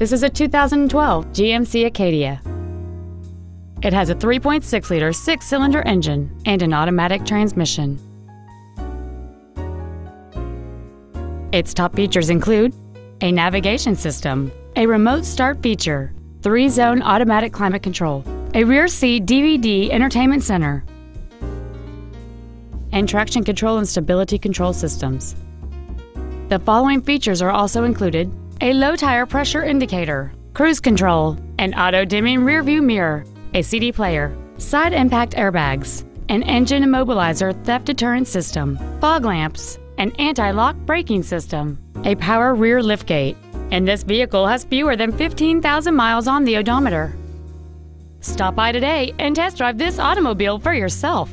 This is a 2012 GMC Acadia. It has a 3.6-liter six-cylinder engine and an automatic transmission. Its top features include a navigation system, a remote start feature, three-zone automatic climate control, a rear seat DVD entertainment center, and traction control and stability control systems. The following features are also included a low tire pressure indicator, cruise control, an auto-dimming rearview mirror, a CD player, side impact airbags, an engine immobilizer theft deterrent system, fog lamps, an anti-lock braking system, a power rear liftgate, and this vehicle has fewer than 15,000 miles on the odometer. Stop by today and test drive this automobile for yourself.